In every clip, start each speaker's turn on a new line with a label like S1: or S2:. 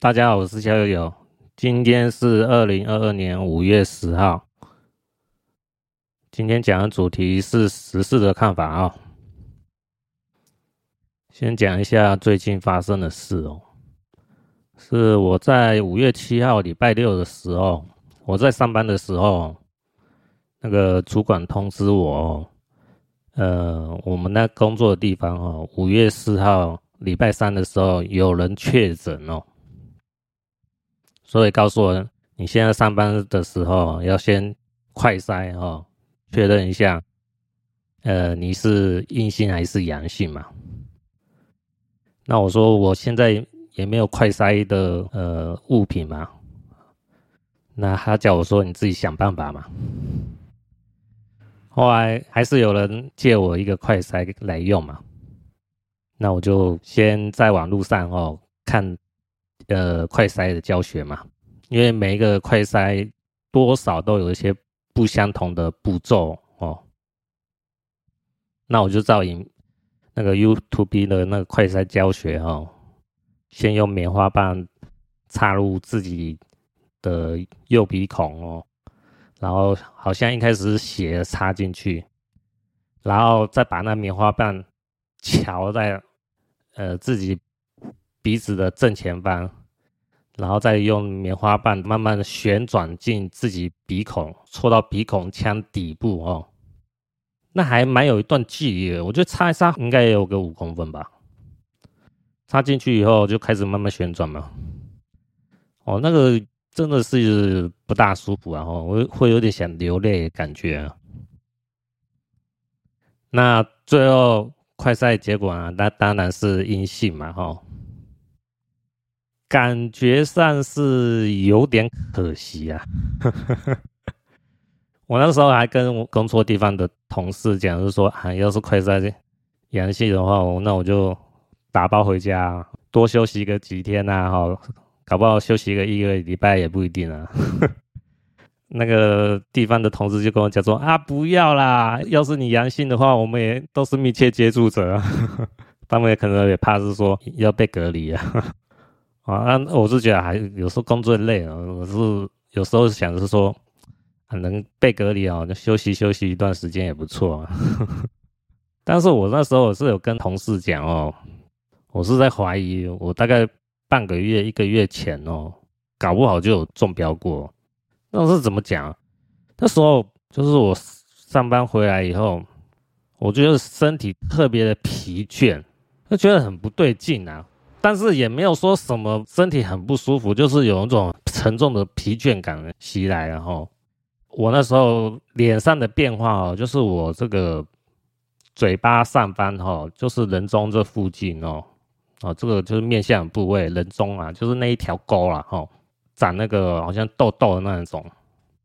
S1: 大家好，我是小友友。今天是二零二二年五月十號。今天講的主題是時事的看法啊、哦。先講一下最近發生的事哦。是我在五月七號禮拜六的時候，我在上班的時候，那個主管通知我哦，呃，我們那工作的地方哦，五月四號禮拜三的時候有人確診哦。所以告訴我，你現在上班的時候要先快篩哦，確認一下，呃，你是陰性還是陽性嘛？那我說我現在也沒有快篩的呃物品嘛，那他叫我說你自己想辦法嘛。後來還是有人借我一個快篩來用嘛，那我就先在網路上哦看。呃，快塞的教學嘛，因為每一個快塞多少都有一些不相同的步驟哦。那我就照應那個 YouTube 的那個快塞教學哦，先用棉花棒插入自己的右鼻孔哦，然後好像一開始是斜插進去，然後再把那棉花棒瞧在呃自己。鼻子的正前方，然後再用棉花棒慢慢的旋轉進自己鼻孔，戳到鼻孔腔底部哦。那還蠻有一段距離的，我覺得插一插應該也有個五公分吧。插進去以後就開始慢慢旋轉嘛。哦，那個真的是，是不大舒服啊，我會有點想流淚的感覺，啊。那最後快篩結果啊，那當然是陰性嘛，吼。感覺上是有點可惜啊！ 我那時候還跟我工作地方的同事講，就是說啊，要是確診陽性的話，那我就打包回家，多休息個幾天啊。哈，搞不好休息一個一個禮拜也不一定啊。 那個地方的同事就跟我講說啊，不要啦，要是你陽性的話，我們也都是密切接觸者， 他們也可能也怕是說要被隔離啊。 啊，那我是覺得還、啊、有時候工作累啊，我是有時候想是說、啊，能被隔離啊、哦，就休息休息一段時間也不錯啊。 但是我那時候我是有跟同事講哦，我是在懷疑，我大概半個月、一個月前哦，搞不好就有中標過。那我是怎麼講、啊？那時候就是我上班回來以後，我覺得身體特別的疲倦，就覺得很不對勁啊。但是也沒有說什麼身體很不舒服，就是有一種沉重的疲倦感襲來了。然後我那時候臉上的變化哦，就是我這個嘴巴上方哈，就是人中這附近哦，啊，這個就是面相部位，人中啊，就是那一條溝啦，哈，長那個好像痘痘的那種，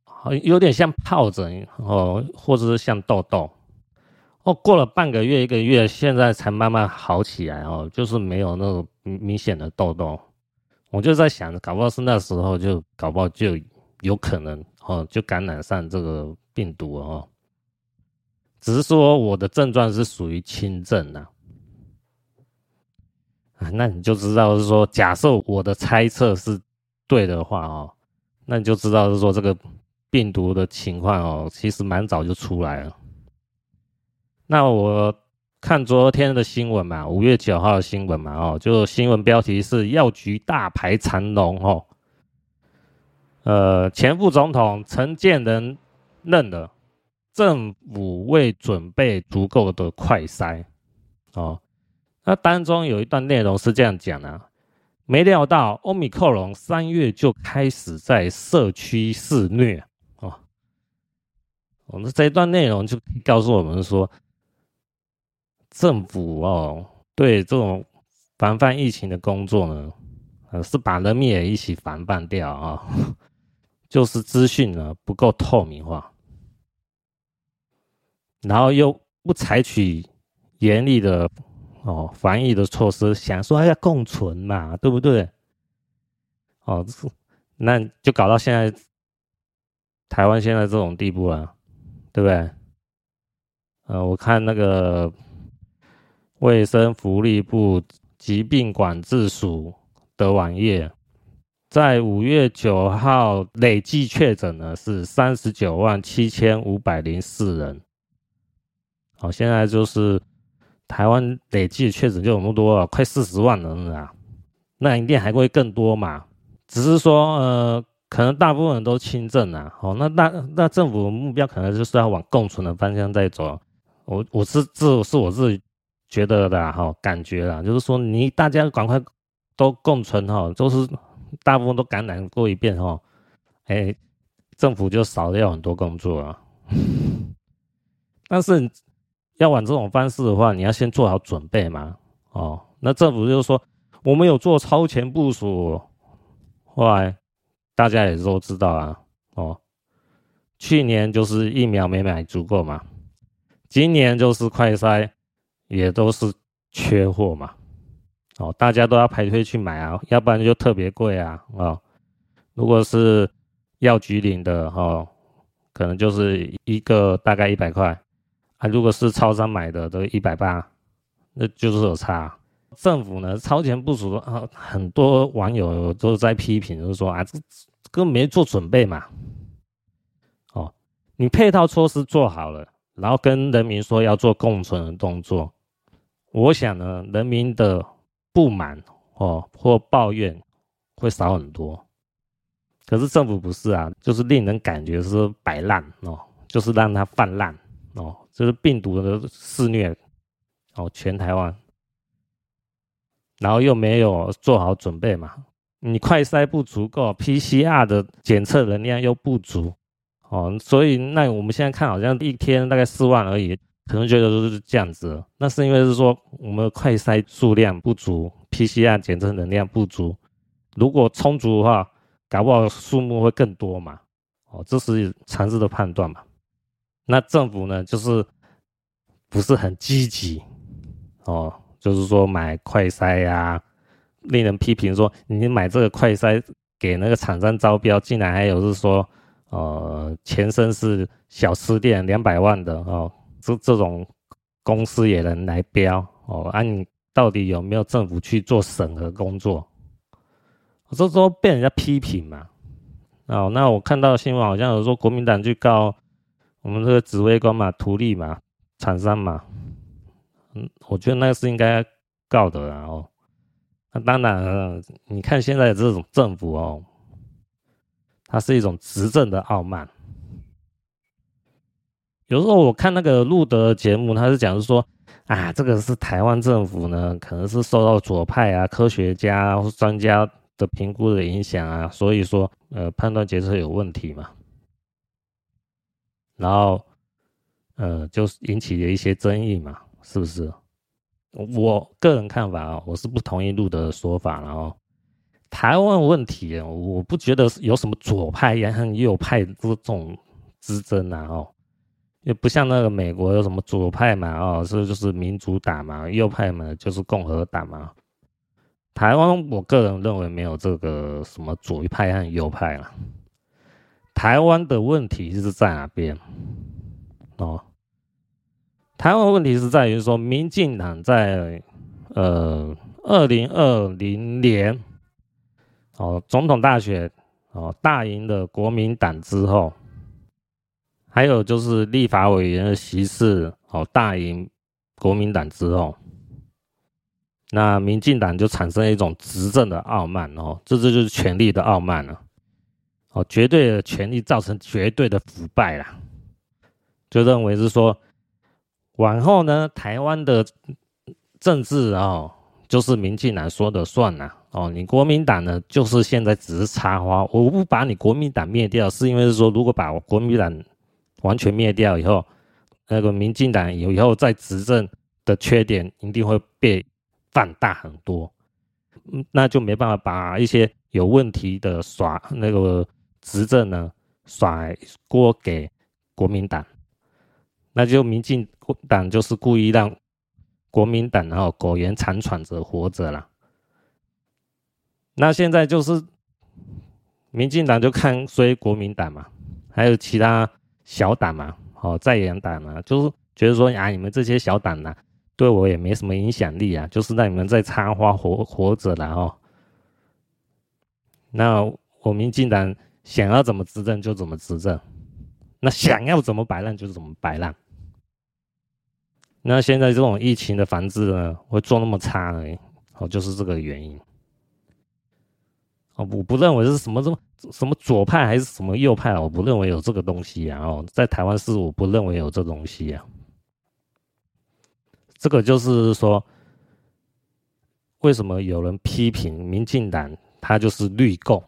S1: 好像有點像皰疹哦，或者是像痘痘。哦，過了半個月一個月，現在才慢慢好起來哦，就是沒有那種明明顯的痘痘。我就在想，搞不好是那時候就搞不好就有可能哦，就感染上這個病毒哦。只是說我的症狀是屬於輕症啊。啊，那你就知道是說，假設我的猜測是對的話哦，那你就知道是說這個病毒的情況哦，其實蠻早就出來了。那我看昨天的新聞嘛，五月九號的新聞嘛，哦，就新聞標題是“藥局大排長龍”哦，呃，前副總統陳建仁認了，政府未準備足夠的快篩哦。那當中有一段內容是這樣講的：沒料到歐米克隆三月就開始在社區肆虐哦。我們這一段內容就告訴我們說。政府哦，對這種防範疫情的工作呢，呃，是把人民也一起防範掉啊，哦，就是資訊呢不夠透明化，然後又不採取嚴厲的哦防疫的措施，想說還要共存嘛，對不對？哦，那就搞到現在台灣現在這種地步了，對不對？呃，我看那個。衛生福利部疾病管制署的網頁，在五月九號累計確診呢是三十九萬七千五百零四人。好，現在就是台灣累計確診就這麼多了，快四十萬人了，那應該還會更多嘛。只是說呃，可能大部分人都輕症啊。哦。哦，那那那政府目標可能就是要往共存的方向在走我，我是我是自是我自己。覺得的哈、哦，感覺啦，就是說你大家趕快都共存哈，都、哦就是大部分都感染過一遍哈，哎、哦欸，政府就少掉很多工作。但是要往這種方式的話，你要先做好準備嘛，哦，那政府就是說我們有做超前部署，後來大家也都知道啊，哦，去年就是疫苗沒買足夠嘛，今年就是快篩。也都是缺貨嘛，哦，大家都要排隊去買啊，要不然就特別貴啊哦，如果是藥局領的哦，可能就是一個大概一百塊啊；如果是超商買的都一百八，就180，那就是有差，啊。政府呢超前部署啊，很多網友都在批評，就是說啊，這根本沒做準備嘛，哦，你配套措施做好了，然後跟人民說要做共存的動作。我想呢，人民的不滿哦，或抱怨會少很多，可是政府不是啊，就是令人感覺是擺爛哦，就是讓它氾濫哦，就是病毒的肆虐哦，全台灣，然後又沒有做好準備嘛，你快篩不足夠，PCR 的檢測能量又不足哦，所以那我們現在看好像一天大概四萬而已。可能覺得就是這樣子，那是因為是說我們的快篩數量不足，PCR 檢測能量不足。如果充足的話，搞不好數目會更多嘛？哦，這是常識的判斷嘛？那政府呢，就是不是很積極？哦，就是說買快篩呀、啊，令人批評說你買這個快篩給那個廠商招標，竟然還有是說，呃，前身是小吃店兩百萬的哦。這這種公司也能來標哦？按、啊、你到底有沒有政府去做審核工作？這時候被人家批評嘛？哦，那我看到新聞好像有說國民黨去告我們這個指揮官嘛、圖利嘛、廠商嘛。嗯，我覺得那是應該告的啦哦。那、啊、當然、呃，你看現在的這種政府哦，它是一種執政的傲慢。有時候我看那個路德節目，他是講說，啊，這個是台灣政府呢，可能是受到左派啊、科學家或專家的評估的影響啊，所以說，呃，判斷決策有問題嘛。然後，呃，就是引起了一些爭議嘛，是不是？我個人看法啊，我是不同意路德的說法，然後，台灣問題，我不覺得有什麼左派、右派這種之爭啊，哦。也不像那個美國有什麼左派嘛，哦，是，是就是民主黨嘛，右派嘛就是共和黨嘛。台灣我個人認為沒有這個什麼左一派和右派了。台灣的問題是在哪邊？哦，台灣問題是在於說民在，民進黨在呃二零二零年哦總統大選哦大贏了國民黨之後。還有就是立法委員的席次哦，大贏國民黨之後，那民進黨就產生了一種執政的傲慢哦，這這就是權力的傲慢了哦，絕對的權力造成絕對的腐敗啦，就認為是說往後呢，台灣的政治哦，就是民進黨說的算啦哦，你國民黨呢，就是現在只是插花，我不把你國民黨滅掉，是因為是說如果把我國民黨完全滅掉以後，那個民進黨有以後再執政的缺點一定會被放大很多，那就沒辦法把一些有問題的耍那個執政呢甩鍋給國民黨，那就民進黨就是故意讓國民黨然後苟延殘喘着活着了。那現在就是民進黨就看衰國民黨嘛，還有其他。小黨嘛、啊，哦，在野黨嘛、啊，就是覺得說啊，你們這些小黨呢、啊，對我也沒什麼影響力啊，就是讓你們在插花活活着然後、哦。那我們竟然想要怎麼執政就怎麼執政，那想要怎麼擺爛就怎麼擺爛。那現在這種疫情的防治呢，會做那麼差，哦，就是這個原因。啊、哦，我不認為是什麼什麼什麼左派還是什麼右派，我不認為有這個東西啊，哦、在台灣是，我不認為有這個東西啊。這個就是說，為什麼有人批評民進黨，他就是綠共，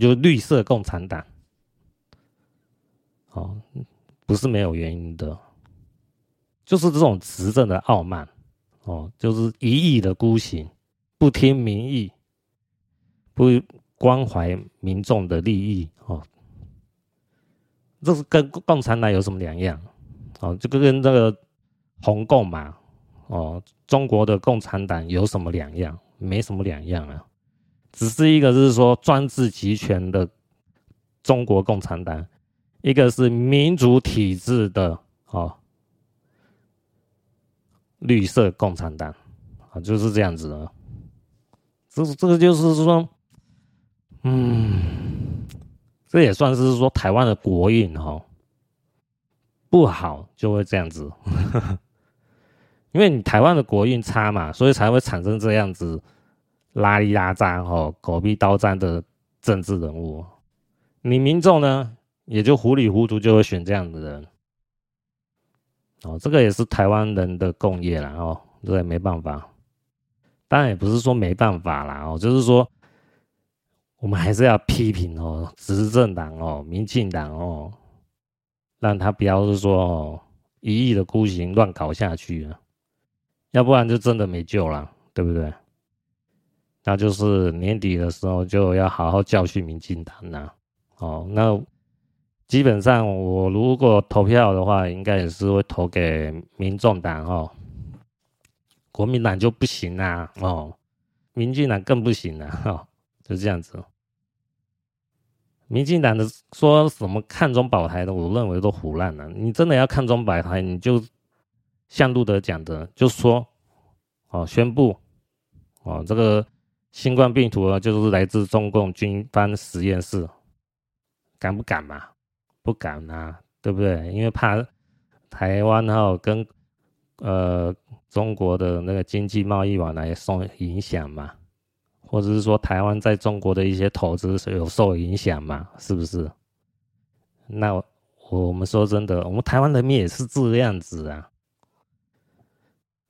S1: 就是、綠色共產黨，哦，不是沒有原因的，就是這種執政的傲慢，哦，就是一意的孤行，不聽民意，不。關懷民眾的利益哦，這是跟共產黨有什麼兩樣？哦，這個跟這個紅共嘛，哦，中國的共產黨有什麼兩樣？沒什麼兩樣啊，只是一個就是說專制集權的中國共產黨，一個是民主體制的哦，綠色共產黨啊，哦，就是這樣子的。這這個就是說。嗯，這也算是說台灣的國運哦。不好，就會這樣子呵呵，因為你台灣的國運差嘛，所以才會產生這樣子拉哩拉雜哦、狗屁倒灶的政治人物。你民眾呢，也就糊裡糊塗就會選這樣的人哦。這個也是台灣人的共業啦哦，這也沒辦法。當然也不是說沒辦法啦哦，就是說。我們還是要批評哦，執政黨哦，民進黨哦，讓他不要是說哦，一意的孤行，亂搞下去啊，要不然就真的沒救了啦，對不對？那就是年底的時候就要好好教訓民進黨了。哦，那基本上我如果投票的話，應該也是會投給民眾黨哦，國民黨就不行啦，哦，民進黨更不行了，哈、哦，就這樣子。民進黨的說什麼看中保台的，我認為都唬爛了。你真的要看中保台，你就像路德講的，就說：哦，宣布，哦，這個新冠病毒啊，就是來自中共軍方實驗室，敢不敢嘛？不敢啊，對不對？因為怕台灣然後跟呃中國的那個經濟貿易往來受影響嘛。或者是說台灣在中國的一些投資有受影響嘛？是不是？那我，我，我們說真的，我們台灣人民也是這樣子啊。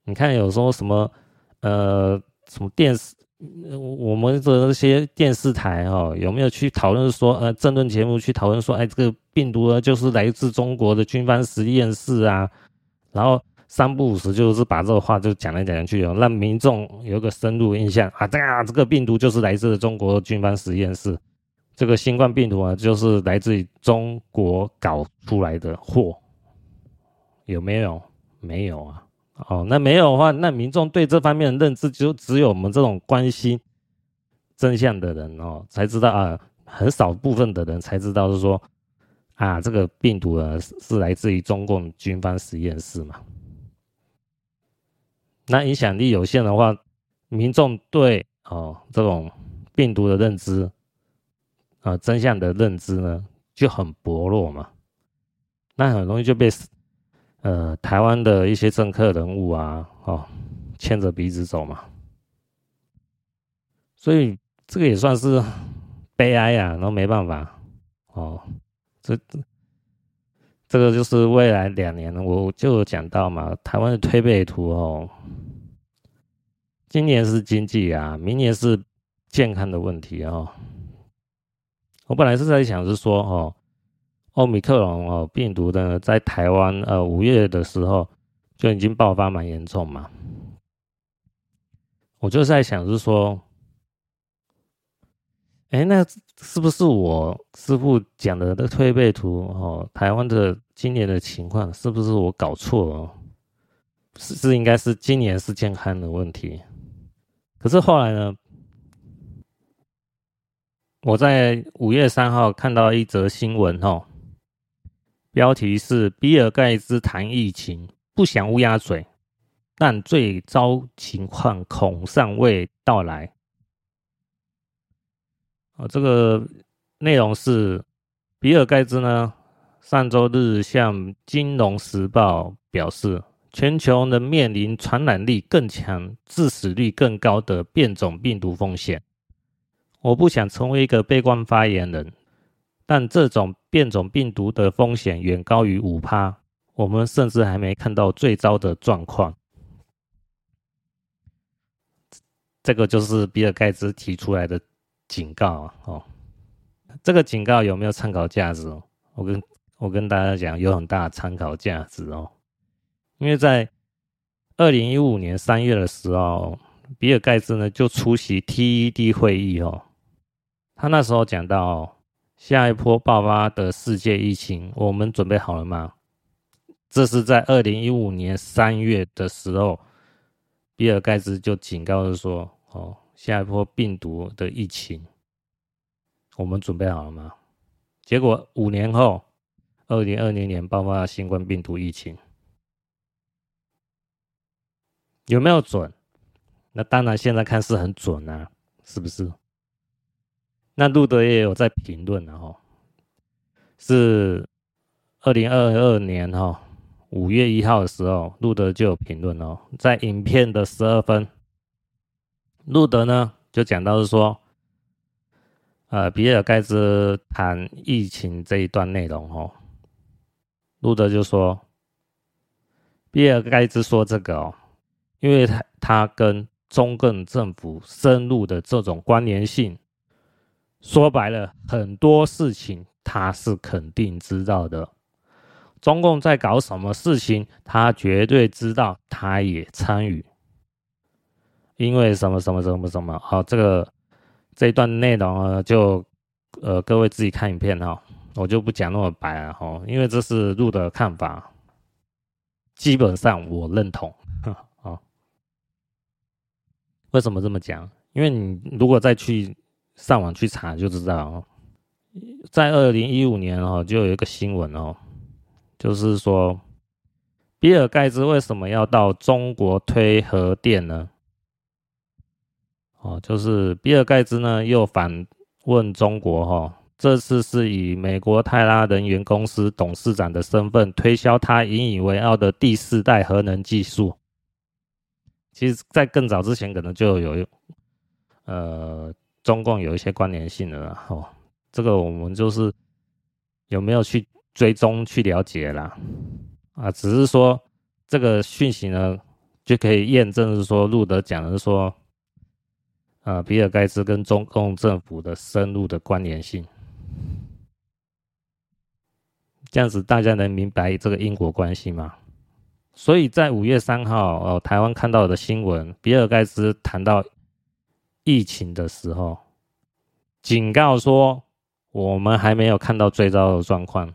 S1: 你看，有時候什麼，呃，什麼電視，我們的那些電視台哦，有沒有去討論說，呃，政論節目去討論說，哎，這個病毒呢，就是來自中國的軍方實驗室啊，然後。三不五時就是把這個話就講來講去哦，讓民眾有一個深入印象啊，這這個病毒就是來自中國軍方實驗室，這個新冠病毒啊就是來自於中國搞出來的貨，有沒有？沒有啊？哦，那沒有的話，那民眾對這方面的認知就只有我們這種關心真相的人哦才知道啊，很少部分的人才知道是說啊，這個病毒啊是來自於中共軍方實驗室嘛。那影響力有限的話，民眾對哦這種病毒的認知，啊、呃、真相的認知呢就很薄弱嘛，那很容易就被呃台灣的一些政客人物啊哦牽着鼻子走嘛，所以這個也算是悲哀呀、啊，然後沒辦法哦，這這。這個就是未來兩年，我就講到嘛，台灣的推背圖哦，今年是經濟啊，明年是健康的問題哦。我本來是在想是說哦，奧密克戎哦病毒的在台灣呃五月的時候就已經爆發蠻嚴重嘛，我就在想是說，哎那。是不是我師傅講的那推背圖？哦，台灣的今年的情況是不是我搞錯了？是是，應該是今年是健康的問題。可是後來呢？我在五月三號看到一則新聞，哦，標題是“比爾蓋茨談疫情，不想烏鴉嘴，但最糟情況恐尚未到來”。啊，這個內容是比爾蓋茨呢，上周日向《金融時報》表示，全球能面臨傳染力更強、致死率更高的變種病毒風險。我不想成為一個悲觀發言人，但這種變種病毒的風險遠高於五趴，我們甚至還沒看到最糟的狀況。這個就是比爾蓋茨提出來的。警告哦，這個警告有沒有參考價值？我跟我跟大家講，有很大的參考價值哦。因為在二零一五年三月的時候，比爾蓋茨呢就出席 TED 會議哦，他那時候講到，哦，下一波爆發的世界疫情，我們準備好了嗎？這是在二零一五年三月的時候，比爾蓋茨就警告的說哦。下一波病毒的疫情，我們準備好了嗎？結果五年後，二零二零年爆發新冠病毒疫情，有沒有準？那當然，現在看似很準啊，是不是？那路德也有在評論、哦，然後是二零二二年哈、哦、五月一號的時候，路德就有評論哦，在影片的十二分。路德呢，就講到是說，呃，比爾蓋茨談疫情這一段內容哦，路德就說，比爾蓋茨說這個哦，因為他他跟中共政府深入的這種關聯性，說白了，很多事情他是肯定知道的，中共在搞什麼事情，他絕對知道，他也參與。因為什麼什麼什麼什麼好、哦，這個這一段內容呢，就呃各位自己看影片哈、哦，我就不講那麼白了哈、哦，因為這是陸的看法，基本上我認同啊、哦。為什麼這麼講？因為你如果再去上網去查就知道、哦，在二零一五年哦，就有一個新聞哦，就是說比爾蓋茨為什麼要到中國推核電呢？哦，就是比爾蓋茨呢，又反問中國哈、哦，這次是以美國泰拉能源公司董事長的身份推銷他引以為傲的第四代核能技術。其實，在更早之前，可能就有呃中共有一些關聯性的哦，這個我們就是有沒有去追蹤去了解啦、啊？啊，只是說這個訊息呢，就可以驗證是說路德講的是說。啊、呃，比爾蓋茨跟中共政府的深入的關聯性，這樣子大家能明白這個因果關係嗎？所以在五月三號，呃，台灣看到的新聞，比爾蓋茨談到疫情的時候，警告說我們還沒有看到最糟的狀況，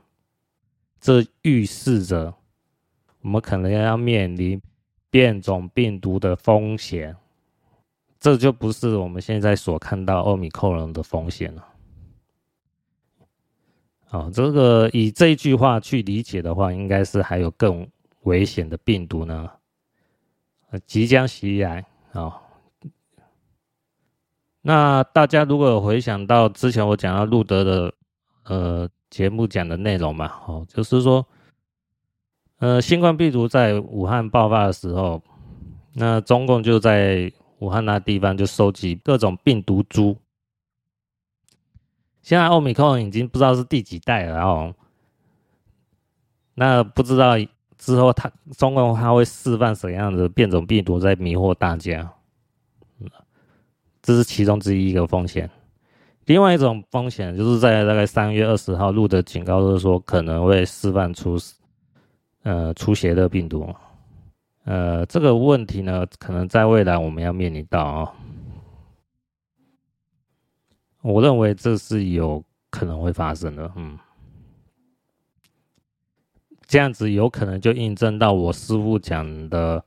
S1: 這預示着我們可能要面臨變種病毒的風險。這就不是我們現在所看到奧密克戎的風險了，哦。好，這個以這一句話去理解的話，應該是還有更危險的病毒呢，即將襲來啊，哦。那大家如果有回想到之前我講到路德的呃節目講的內容嘛，哦，就是說，呃，新冠病毒在武漢爆發的時候，那中共就在。武漢那地方就收集各種病毒株，現在奧密克戎已經不知道是第幾代了。然後，那不知道之後他中共他會釋放什麼樣的變種病毒在迷惑大家？這是其中之一一個風險。另外一種風險就是在大概三月二十號錄的警告，就是說可能會釋放出呃出血的病毒。呃，這個問題呢，可能在未來我們要面臨到哦。我認為這是有可能會發生的，嗯，這樣子有可能就印證到我師父講的，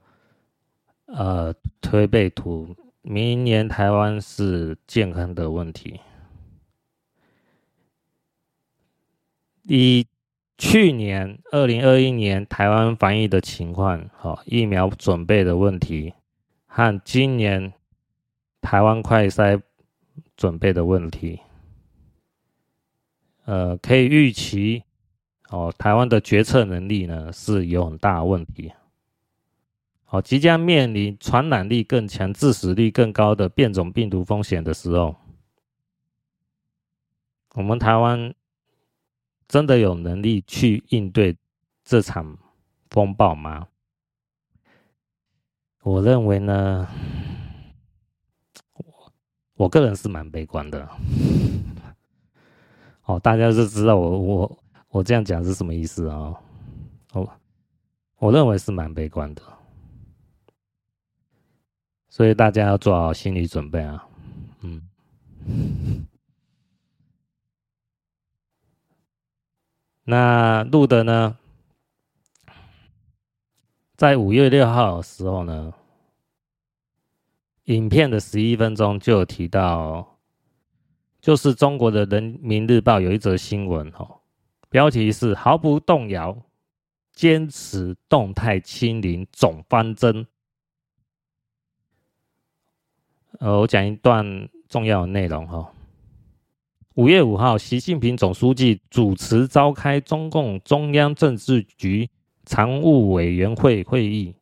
S1: 呃，推背圖，明年台灣是健康的問題。一。去年二零二一年台灣防疫的情況，好、哦、疫苗準備的問題，和今年台灣快篩準備的問題，呃，可以預期，哦，台灣的決策能力呢是有很大問題。好、哦，即將面臨傳染力更強、致死力更高的變種病毒風險的時候，我們台灣真的有能力去應對這場風暴嗎？我認為呢，我我個人是蠻悲觀的。哦，大家是知道我我我這樣講是什麼意思啊，哦？哦，我認為是蠻悲觀的，所以大家要做好心理準備啊。嗯。那路德呢？在五月六號的時候呢，影片的十一分鐘就有提到，就是中國的《人民日報》有一則新聞哦，標題是“毫不動搖，堅持動態清零總方針”。呃、哦，我講一段重要的內容哦。五月五號，習近平總書記主持召開中共中央政治局常務委員會會議。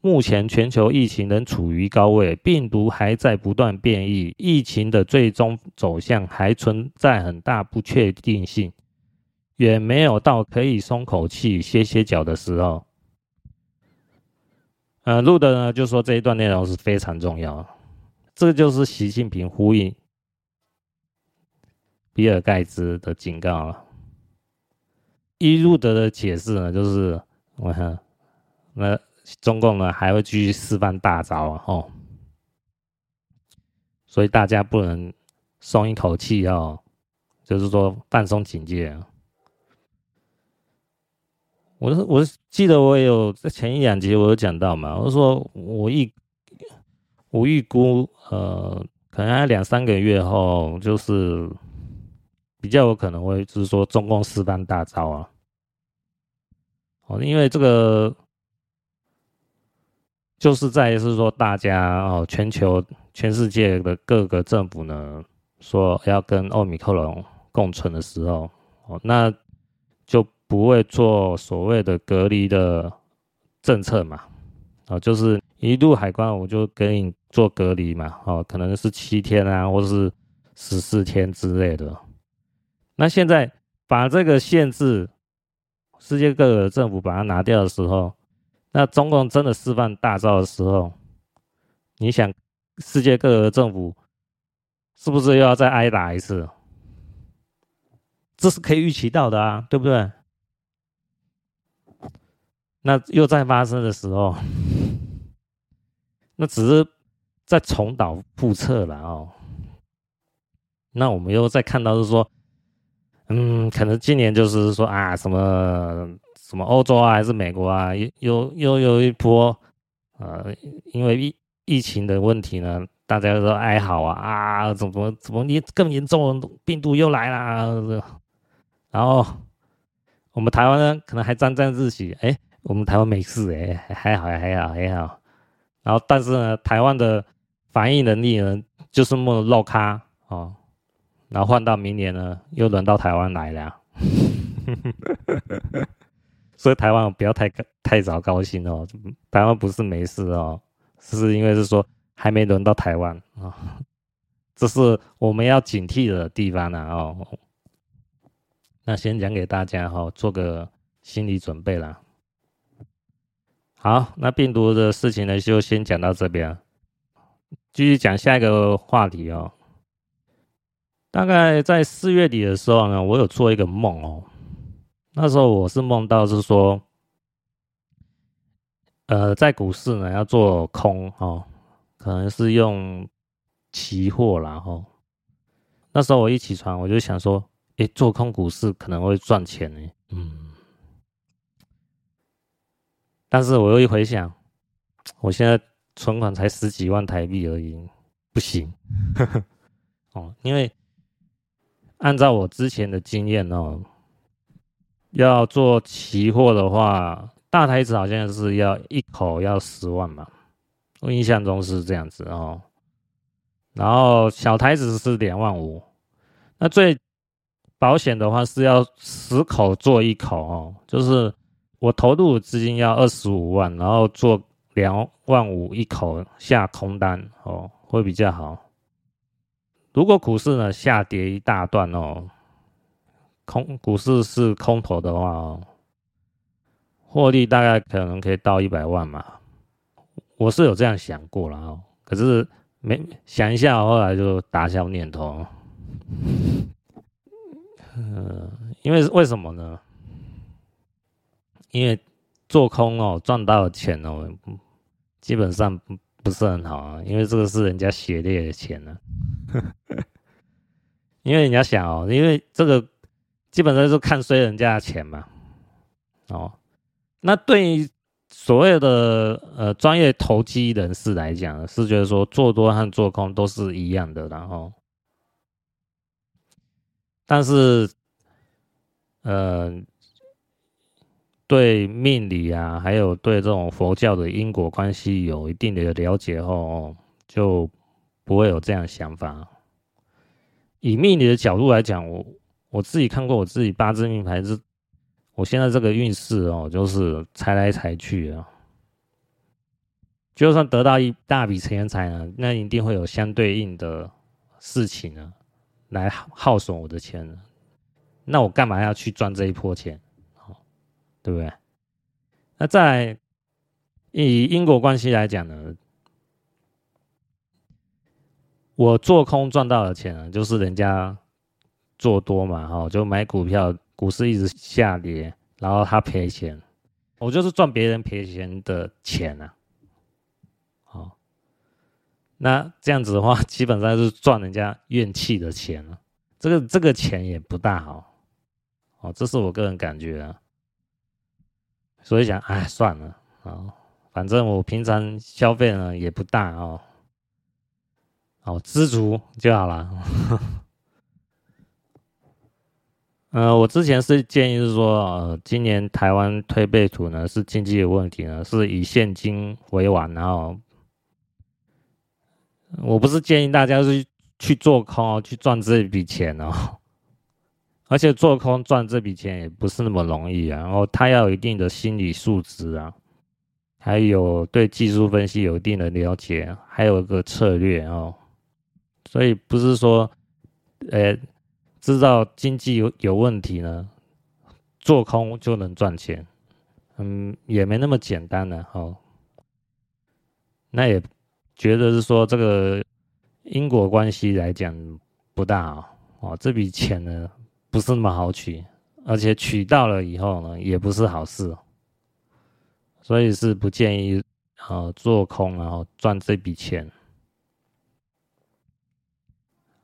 S1: 目前，全球疫情仍處於高位，病毒還在不斷變異，疫情的最終走向還存在很大不確定性，遠沒有到可以鬆口氣、歇歇腳的時候。呃，路德呢，就說這一段內容是非常重要，這就是習近平呼應。比爾蓋茨的警告了，伊路德的解釋呢，就是我、嗯、看那中共呢還會繼續釋放大招啊，吼！所以大家不能鬆一口氣哦，就是說放鬆警戒，啊。我是我記得我有在前一兩集我有講到嘛，我說我預我預估呃，可能還兩三個月後就是。比較有可能會就是說中共釋放大招啊，哦，因為這個就是在於是說大家哦，全球全世界的各個政府呢，說要跟奧密克戎共存的時候哦，那就不會做所謂的隔離的政策嘛，哦，就是一入海關我就給你做隔離嘛，哦，可能是七天啊，或是十四天之類的。那現在把這個限制，世界各國政府把它拿掉的時候，那中共真的釋放大招的時候，你想，世界各國政府是不是又要再捱打一次？這是可以預期到的啊，對不對？那又在發生的時候，那只是在重蹈覆轍了哦。那我們又再看到是說。嗯，可能今年就是說啊，什麼什麼歐洲啊，還是美國啊，又又又有一波，呃，因為疫疫情的問題呢，大家都哀嚎啊啊，怎麼怎麼你更嚴重，病毒又來了、啊，然後我們台灣呢，可能還沾沾自喜，哎、欸，我們台灣沒事、欸，哎，還好還好，還好，還好。然後但是呢，台灣的防疫能力呢，就是那麼肉咖啊。哦然後換到明年呢，又輪到台灣來了， 所以台灣不要太太早高興哦，台灣不是沒事哦，是因為是說還沒輪到台灣啊，哦，這是我們要警惕的地方呢、啊、哦。那先講給大家哈、哦，做個心理準備啦。好，那病毒的事情呢，就先講到這邊，繼續講下一個話題哦。大概在四月底的時候呢，我有做一個夢哦。那時候我是夢到是說，呃，在股市呢要做空哦，可能是用期貨啦後，哦，那時候我一起床，我就想說，哎，做空股市可能會賺錢呢，欸。嗯。但是我又一回想，我現在存款才十幾萬台幣而已，不行，呵呵，哦，因為。按照我之前的經驗哦，要做期貨的話，大台子好像是要一口要十萬嘛，我印象中是這樣子哦。然後小台子是兩萬五，那最保險的話是要十口做一口哦，就是我投入資金要二十五萬，然後做兩萬五一口下空單哦，會比較好。如果股市呢下跌一大段哦，空股市是空頭的話哦，獲利大概可能可以到一百萬嘛，我是有這樣想過了哦，可是沒想一下，後來就打消念頭。嗯、呃，因為為什麼呢？因為做空哦，賺到的錢哦，基本上。不是很好啊，因為這個是人家血淚的錢呢、啊。 因為人家想哦，因為這個基本上就是看衰人家的錢嘛。哦，那對於所謂的呃專業投機人士來講，是覺得說做多和做空都是一樣的，然後，但是，呃。對命理啊，還有對這種佛教的因果關係有一定的了解後，就不會有這樣的想法。以命理的角度來講，我我自己看過我自己八字命盤，是，我現在這個運勢哦，就是財來財去啊。就算得到一大筆錢財呢，那一定會有相對應的事情啊，來耗損我的錢。那我幹嘛要去賺這一波錢？對不對？那在以因果關係來講呢，我做空賺到的錢就是人家做多嘛，哈，就買股票，股市一直下跌，然後他賠錢，我就是賺別人賠錢的錢啊。哦，那這樣子的話，基本上就是賺人家怨氣的錢了。這個這個錢也不大好，哦，這是我個人感覺啊。所以想，哎，算了哦，反正我平常消費呢也不大哦。哦，知足就好了。呃，我之前是建議是說，呃，今年台灣推背圖呢是經濟有問題呢，是以現金為王，然後我不是建議大家是去，去做空哦，去賺這筆錢哦。而且做空賺這筆錢也不是那麼容易，啊，然後他要有一定的心理素質啊，還有對技術分析有一定的了解，還有一個策略哦。所以不是說，呃、欸，知道經濟有有問題呢，做空就能賺錢，嗯，也沒那麼簡單的、啊、哦。那也覺得是說這個因果關係來講不大啊、哦，哦，這筆錢呢。不是那麼好取，而且取到了以後呢，也不是好事喔，所以是不建議呃做空啊，然後賺這筆錢。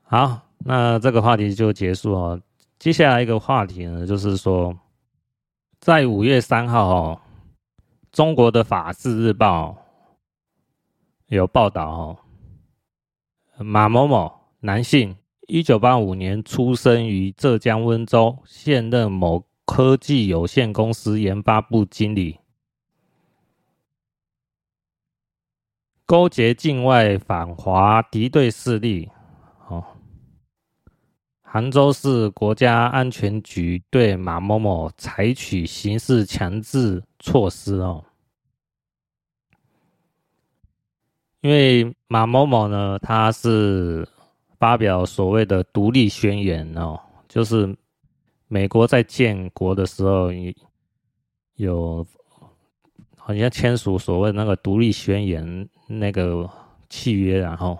S1: 好，那這個話題就結束哦。接下來一個話題呢，就是說，在五月三號哦，中國的《法制日報》喔有報道哦，馬某某，男性。一九八五年出生於浙江溫州，現任某科技有限公司研發部經理。勾結境外反華敵對勢力，哦，杭州市國家安全局對馬某某採取刑事強制措施哦。因為馬某某呢，他是。發表所謂的獨立宣言哦，就是美國在建國的時候有好像簽署所謂那個獨立宣言那個契約啊，然後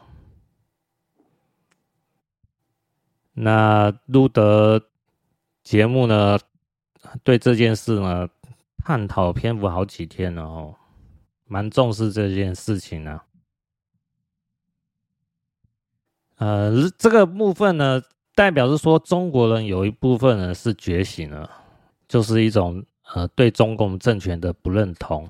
S1: 那路德節目呢對這件事呢探討篇，篇幅好幾天了哦，蠻重視這件事情啊。呃，這個部分呢，代表是說中國人有一部分人是覺醒了，就是一種呃對中共政權的不認同，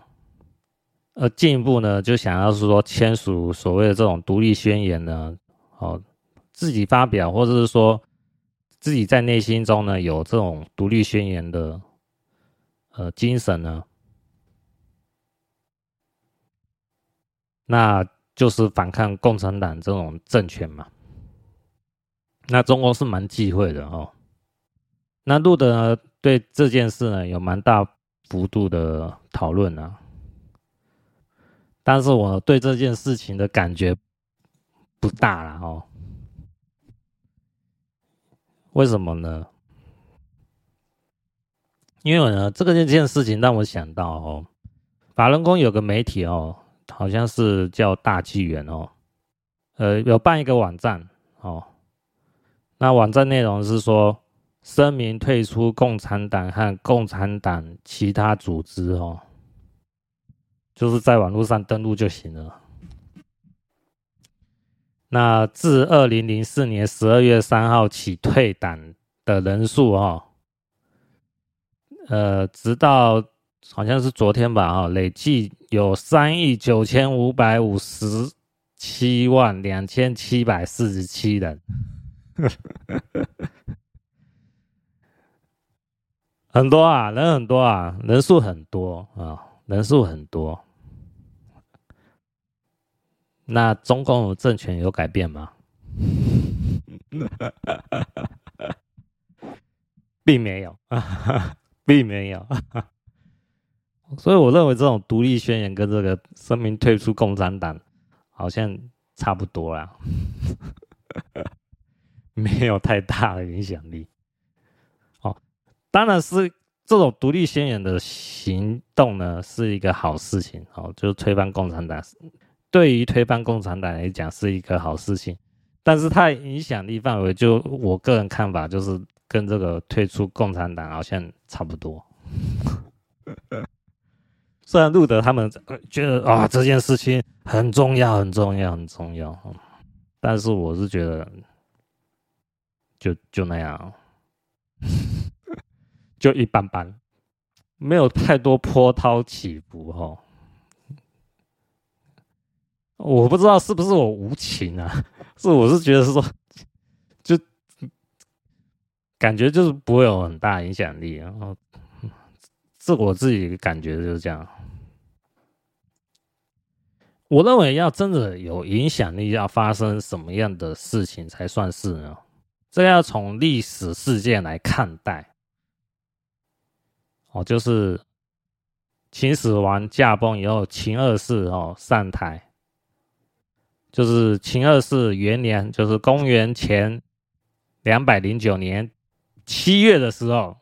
S1: 而進一步呢就想要是說簽署所謂的這種獨立宣言呢，哦、呃、自己發表或者是說自己在內心中呢有這種獨立宣言的呃精神呢，那就是反抗共產黨這種政權嘛。那中國是蠻忌諱的哦，那路德呢對這件事呢有蠻大幅度的討論啊，但是我對這件事情的感覺不大了哦，為什麼呢？因為呢，這個這件事情讓我想到哦，法輪功有個媒體哦，好像是叫大紀元哦，呃，有辦一個網站哦。那網站內容是說，聲明退出共產黨和共產黨其他組織哦，就是在網絡上登錄就行了。那自二零零四年十二月三號起退黨的人數哦，呃，直到好像是昨天吧哈，累計有三億九千五百五十七萬兩千七百四十七人。 很多啊，人很多啊，人數很多啊、哦，人數很多。那中共政權有改變嗎？ 並沒有，啊、並沒有、啊。所以我認為這種獨立宣言跟這個聲明退出共產黨，好像差不多啦。 沒有太大的影響力。哦，當然是這種獨立宣言的行動呢，是一個好事情。哦，就推翻共產黨，對於推翻共產黨來講是一個好事情。但是它的影響力範圍，就我個人看法，就是跟這個退出共產黨好像差不多。雖然路德他們覺得啊、哦，這件事情很重要，很重要，很重要。但是我是覺得。就就那樣，就一般般，沒有太多波濤起伏哦。我不知道是不是我無情啊？是我是覺得說，就感覺就是不會有很大影響力，然後這我自己感覺就是這樣。我認為要真的有影響力，要發生什麼樣的事情才算是呢？這要從歷史事件來看待，哦，就是秦始皇駕崩以後，秦二世哦上台，就是秦二世元年，就是公元前兩百零九年七月的時候，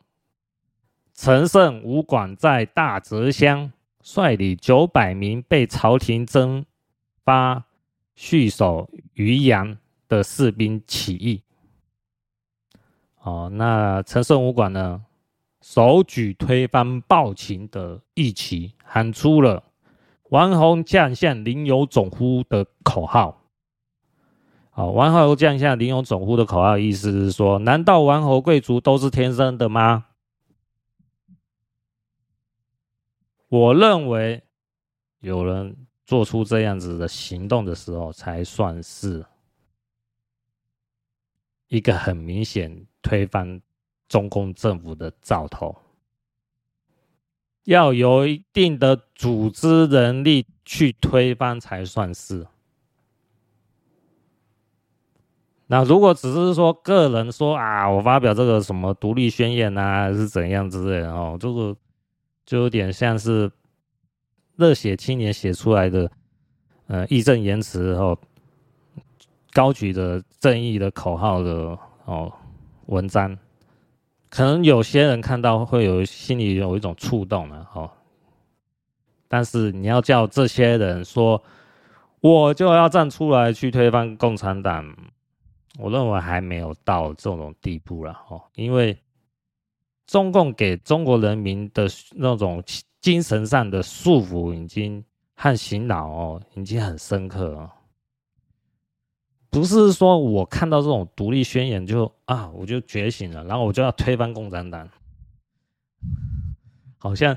S1: 陳勝吳廣在大澤鄉率領九百名被朝廷徵發戍守漁陽的士兵起義。哦，那陳勝吳廣呢，手舉推翻暴秦的義旗，喊出了“王侯將相寧有種乎”的口號。好、哦，“王侯將相寧有種乎”的口號的意思是說，難道王侯貴族都是天生的嗎？我認為，有人做出這樣子的行動的時候，才算是一個很明顯。推翻中共政府的兆頭，要有一定的組織能力去推翻才算是。那如果只是說個人說啊，我發表這個什麼獨立宣言啊，是怎樣之類的哦，這個就有點像是熱血青年寫出來的，呃義正言辭哦，高舉着正義的口號的哦。文章，可能有些人看到會有心裡有一種觸動了、啊、哦。但是你要叫這些人說，我就要站出來去推翻共產黨，我認為還沒有到這種地步了，哦。因為中共給中國人民的那種精神上的束縛已經和洗腦哦，已經很深刻了。不是說我看到這種獨立宣言就啊，我就覺醒了，然後我就要推翻共產黨，好像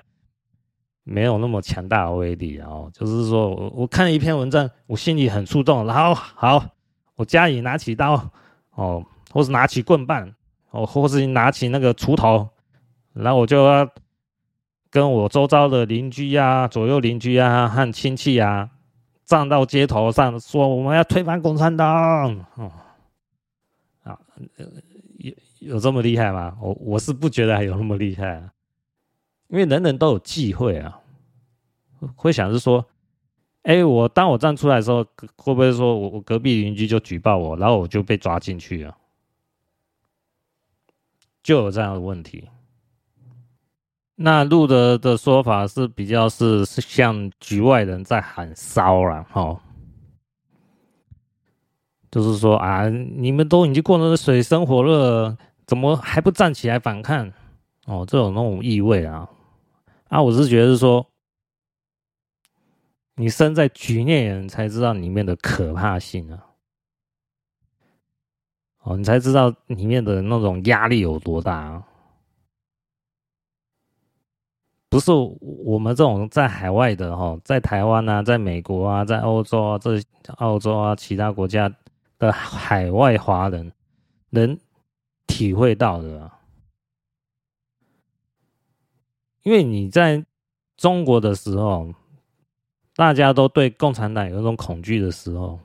S1: 沒有那麼強大的威力哦，就是說我我看一篇文章，我心裡很觸動，然後好，我家裡拿起刀哦，或是拿起棍棒，哦，或是拿起那個鋤頭，然後我就要跟我周遭的鄰居呀、啊、左右鄰居啊和親戚呀、啊。站到街頭上說我們要推翻共產黨，啊，有有這麼厲害嗎？我我是不覺得還有那麼厲害，因為人人都有忌諱啊，會想是說，哎，我當我站出來的時候，會不會說我我隔壁鄰居就舉報我，然後我就被抓進去了，就有這樣的問題。那路德的說法是比較是是像局外人在喊騷啦，哈、哦，就是說啊，你們都已經過了水深火熱，怎麼還不站起來反抗？哦，這種那種意味啊，啊，我是覺得是說，你身在局內人才知道裡面的可怕性啊，哦，你才知道裡面的那種壓力有多大啊。不是我們這種在海外的哦，在台灣啊，在美國啊，在歐洲啊，這澳洲啊，其他國家的海外華人能體會到的，因為你在中國的時候，大家都對共產黨有一種恐懼的時候，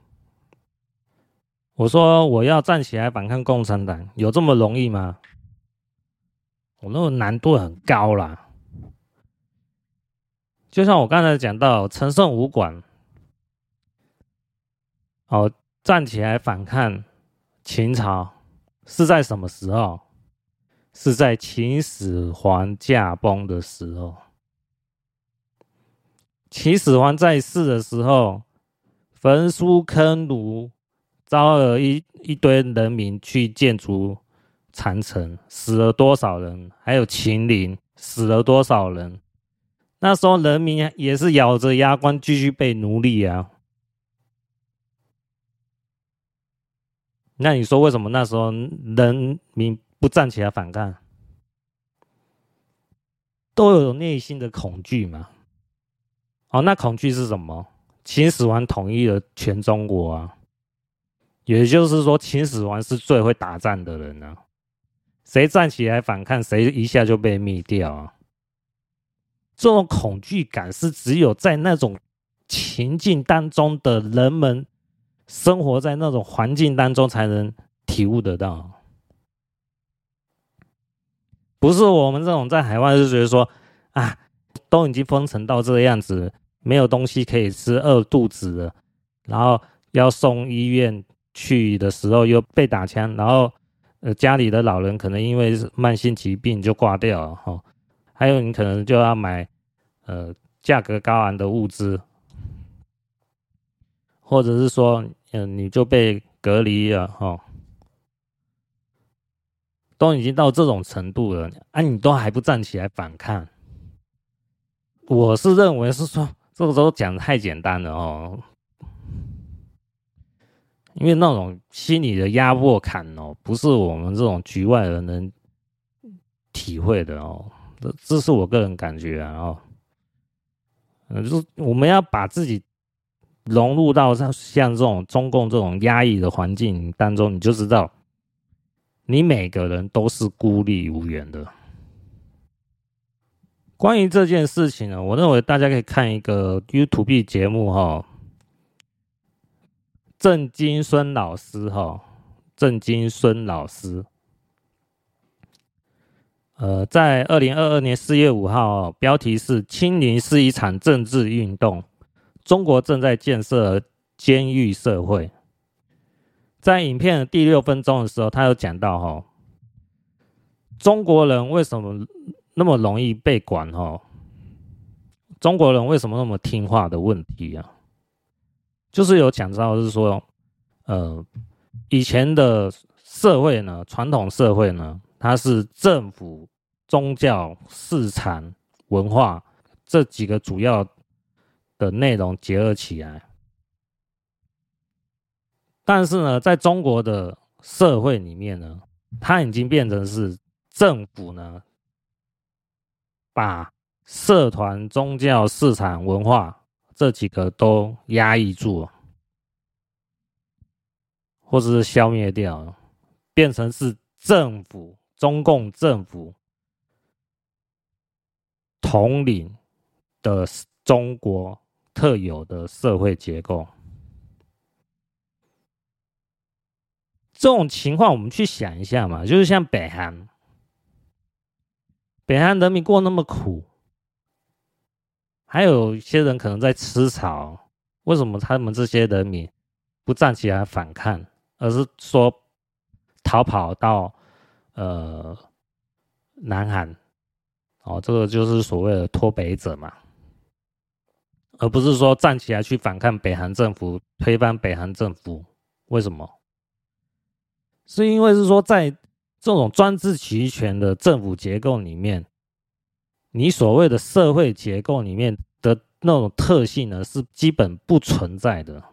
S1: 我說我要站起來反抗共產黨，有這麼容易嗎？我那個難度很高啦。就像我剛才講到，陳勝吳廣，哦，站起來反抗秦朝是在什麼時候？是在秦始皇駕崩的時候。秦始皇在世的時候，焚書坑儒，招了一一堆人民去建築長城，死了多少人？還有秦陵死了多少人？那時候人民也是咬着牙關繼續被奴隸啊。那你說為什麼那時候人民不站起來反抗？都有內心的恐懼嘛。哦，那恐懼是什麼？秦始皇統一了全中國啊，也就是說秦始皇是最會打仗的人啊。誰站起來反抗，誰一下就被滅掉啊。這種恐懼感是只有在那種情境當中的人們生活在那種環境當中才能體悟得到，不是我們這種在海外就覺得說，啊，都已經封城到這個樣子，沒有東西可以吃，餓肚子了，然後要送醫院去的時候又被打槍，然後、呃、家裡的老人可能因為慢性疾病就掛掉了，哈、哦。還有，你可能就要買，呃，價格高昂的物資，或者是說，嗯、呃，你就被隔離了哦，都已經到這種程度了，啊，你都還不站起來反抗？我是認為是說，這個時候講得太簡單了哦，因為那種心理的壓迫感哦、喔，不是我們這種局外人能體會的哦、喔。這是我個人感覺啊，就是我們要把自己融入到像像這種中共這種壓抑的環境當中，你就知道，你每個人都是孤立無援的。關於這件事情呢，我認為大家可以看一個 YouTube 節目哈、哦，政經孫老師哈、哦，政經孫老師。呃，在二零二二年四月五號，標題是“清零是一場政治運動，中國正在建設監獄社會”。在影片的第六分鐘的時候，他有講到哈、哦，中國人為什麼那麼容易被管、哦？哈，中國人為什麼那麼聽話的問題啊？就是有講到，是說，呃，以前的社會呢，傳統社會呢。它是政府、宗教、市場、文化這幾個主要的內容結合起來，但是呢，在中國的社會裡面呢，它已經變成是政府呢，把社團、宗教、市場、文化這幾個都壓抑住了，或者是消滅掉，變成是政府。中共政府統領的中國特有的社會結構，這種情況我們去想一下嘛，就是像北韓，北韓人民過那麼苦，還有些人可能在吃草，為什麼他們這些人民不站起來反抗，而是說逃跑到呃，南韓，哦，這個就是所謂的脫北者嘛，而不是說站起來去反抗北韓政府，推翻北韓政府，為什麼？是因為是說在這種專制集權的政府結構裡面，你所謂的社會結構裡面的那種特性呢，是基本不存在的。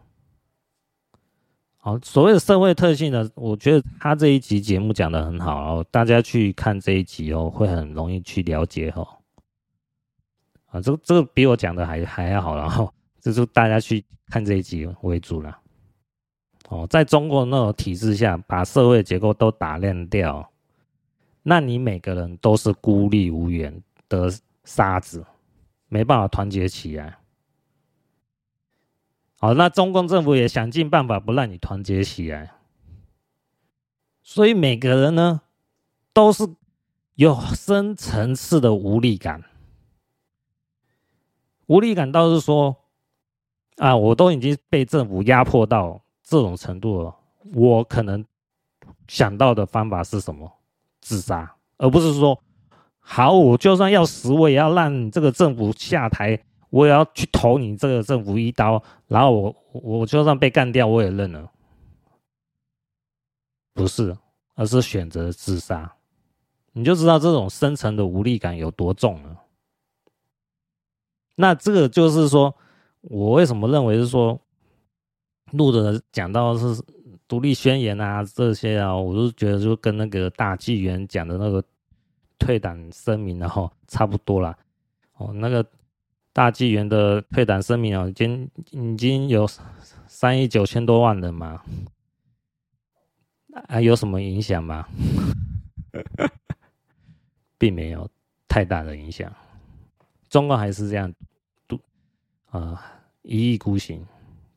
S1: 哦，所謂的社會特性呢，我覺得他這一集節目講的很好，然後大家去看這一集哦，會很容易去了解哦。啊，這個這個比我講的還還要好，然後就是大家去看這一集為主了。哦，在中國的那種體制下，把社會結構都打爛掉，那你每個人都是孤立無援的沙子，沒辦法團結起來。好，那中共政府也想盡辦法不讓你團結起來，所以每個人呢，都是有深層次的無力感。無力感倒是說，啊，我都已經被政府壓迫到這種程度了，我可能想到的方法是什麼？自殺，而不是說，好，我就算要死，我也要讓這個政府下台。我也要去捅你這個政府一刀，然後我我就算被幹掉，我也認了。不是，而是選擇自殺，你就知道這種深層的無力感有多重了。那這個就是說，我為什麼認為是說，錄的講到的是《獨立宣言》啊啊這些啊，我就覺得就跟那個大紀元講的那個退黨聲明然後啊差不多啦。哦，那個。大紀元的退黨聲明啊、哦，已經已經有三億九千多萬人嘛，還、啊、有什麼影響嗎？ 並沒有太大的影響。中國還是這樣，獨，啊、呃、一意孤行。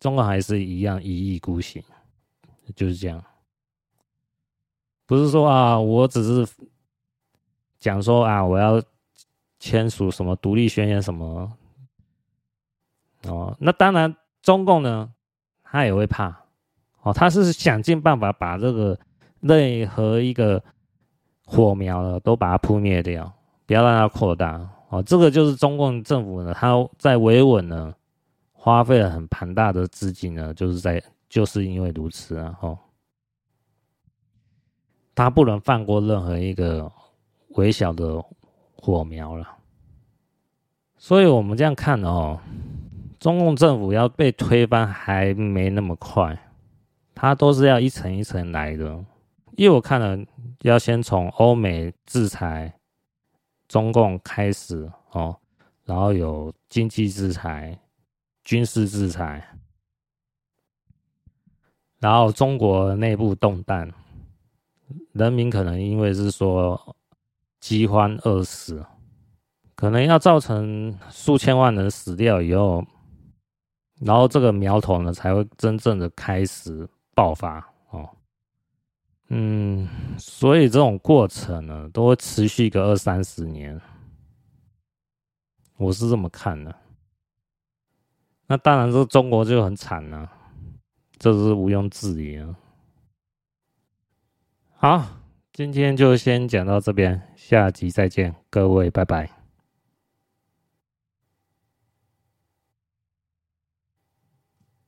S1: 中國還是一樣一意孤行，就是這樣。不是說啊，我只是講說啊，我要簽署什麼獨立宣言什麼。哦，那當然，中共呢，他也會怕，哦，他是想盡辦法把這個任何一個火苗呢，都把它撲滅掉，不要讓它擴大，哦，這個就是中共政府呢，他在維穩呢，花費了很龐大的資金呢，就是在就是因為如此啊，哦，他不能放過任何一個微小的火苗了，所以我們這樣看哦。中共政府要被推翻還沒那麼快，它都是要一層一層來的。因為我看了，要先從歐美制裁中共開始哦，然後有經濟制裁、軍事制裁，然後中國內部動盪，人民可能因為是說饑荒餓死，可能要造成數千萬人死掉以後。然後這個苗頭呢，才會真正的開始爆發哦。嗯，所以這種過程呢，都會持續一個二三十年，我是這麼看的。那當然，這中國就很慘了，這是毋庸置疑了。好，今天就先講到這邊，下集再見，各位拜拜。